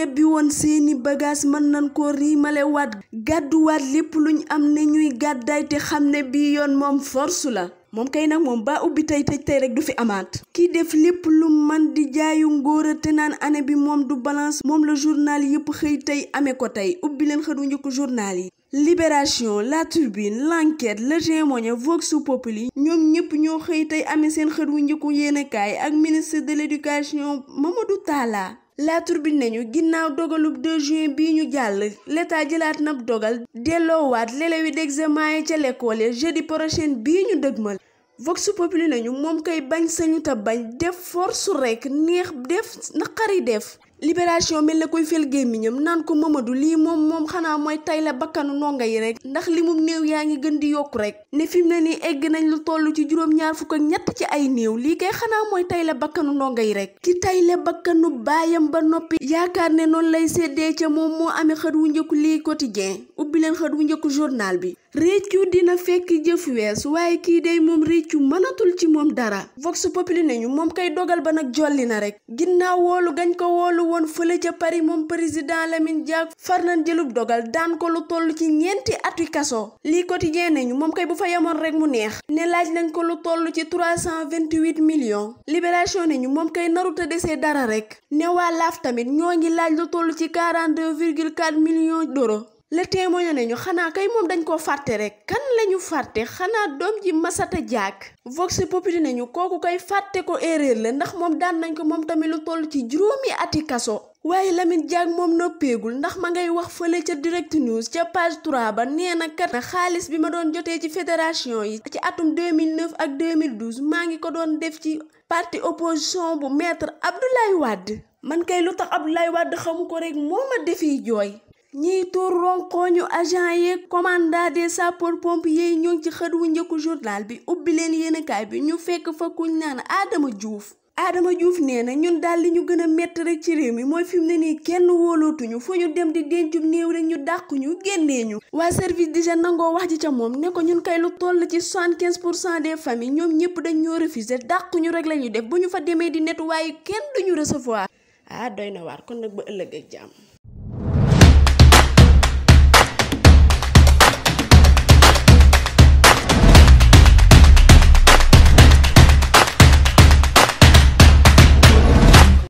yebbi woon seeni bagage mën nañ koo riimalewaat gàdduwaat lépp luñ am ne ñuy gàddaay te xam bii yoon moom force la moom kay nag moom ba ubbi tey tëj tey rek fi amaat kii def lépp lu man di jaayu ngóora te naan année bi moom du balance moom la journal yëpp xëy tey amee ko tey ubbi leen xëtu njëkk journal yi Libération La Tribune L'Enquête Le Témoin Vox Populi ñoom ñëpp ñoo xëy tey amee seen xët wu njëkku yéenekaay ak ministre de l'éducation Mamadou Talla La Tribune nañu ginnaaw dogalub 2 juin bii ñu jàll l'état jëlaat nab dogal delloowaat l'élève d'examen yi ca l'école ya jeudi prochain bii ñu dëgmal Vox Populi nañu moom koy bañ sañu bañ def force rekk neex def naqari def libération mel na koy fel gémmiñam naan ko Mamadou lii moom moom xanaa mooy tay la bakkanu ndongo yi rek ndax li mu néew yaa ngi gën di yokk rek ne fi mu ne nii egg nañ lu toll ci juróom-ñaar fukk ak ñett ci ay néew lii kay xanaa mooy tay la bakkanu ndongo yi rek ki tay la bakkanu baayam ba noppi yaakaar ne noonu lay séddee ca moom moo amee xët wu njëkk lii quotidien ubbi leen xët wu njëkk journal bi réccu dina fekk jëf wees waaye kii day moom réccu mënatul ci moom dara vox populi nañu moom kay dogal ba nag jolli na rek ginnaaw woolu gañ ko woolu woon fële ca Paris moom président Lamine Diack far nañ jëlub dogal daan ko lu toll ci ñeenti atu kaso lii quotidien nañu moom kay bu fa yemoon rek mu neex ne laaj nañ ko lu toll ci 328 millions libération nañu moom kay naru ta desee dara rek ne waa tamit ñoo ngi laaj lu toll ci 42,4 millions d'euros le témoin ne ñu xanaa kay moom dañu koo fàtte rek kan lañu fàtte xanaa doom ji masata jaak vox populi ne ñu kooku kay fàtte ko erreur la ndax moom daan nañ ko moom tamit lu toll ci juróomi ati kaso waaye Lamine Diack moom noppeegul ndax ma ngay wax fële ca direct news ca page 3 ba nee na kat xaalis bi ma doon jotee ci fédération yi ci atum 2009 ak 2012 maa ngi ko doon def ci parti opposition bu maître Abdoulaye Wade man kay lu tax Abdoulaye Wade xamu ko rek moo ma defi jooy ñiy tuur ronkooñu agent yeeg commandant de sapeurs pompiers yi ñoo ngi ci xët wu njëkku journal bi ubbi leen yéenekaay bi ñu fekk fa kuñ naan Adama Diouf aadama Diouf nee na ñun daal li ñu gën a métti rek ci réew mi mooy fi mu ne nii kenn wóolootuñu fu ñu dem di dencum néew rek ñu dàqu ñu génnee ñu. waa service d'hygiène nangoo wax ji ca moom ne ko ñun kay lu toll ci soixante-quinze pour cent des familles ñoom ñëpp dañ ñoo refusé dàqu ñu rek la ñuy def bu ñu fa demee di nettoyer kenn duñu recevoir. ah waar kon nag ba ëllëg ak jàmm.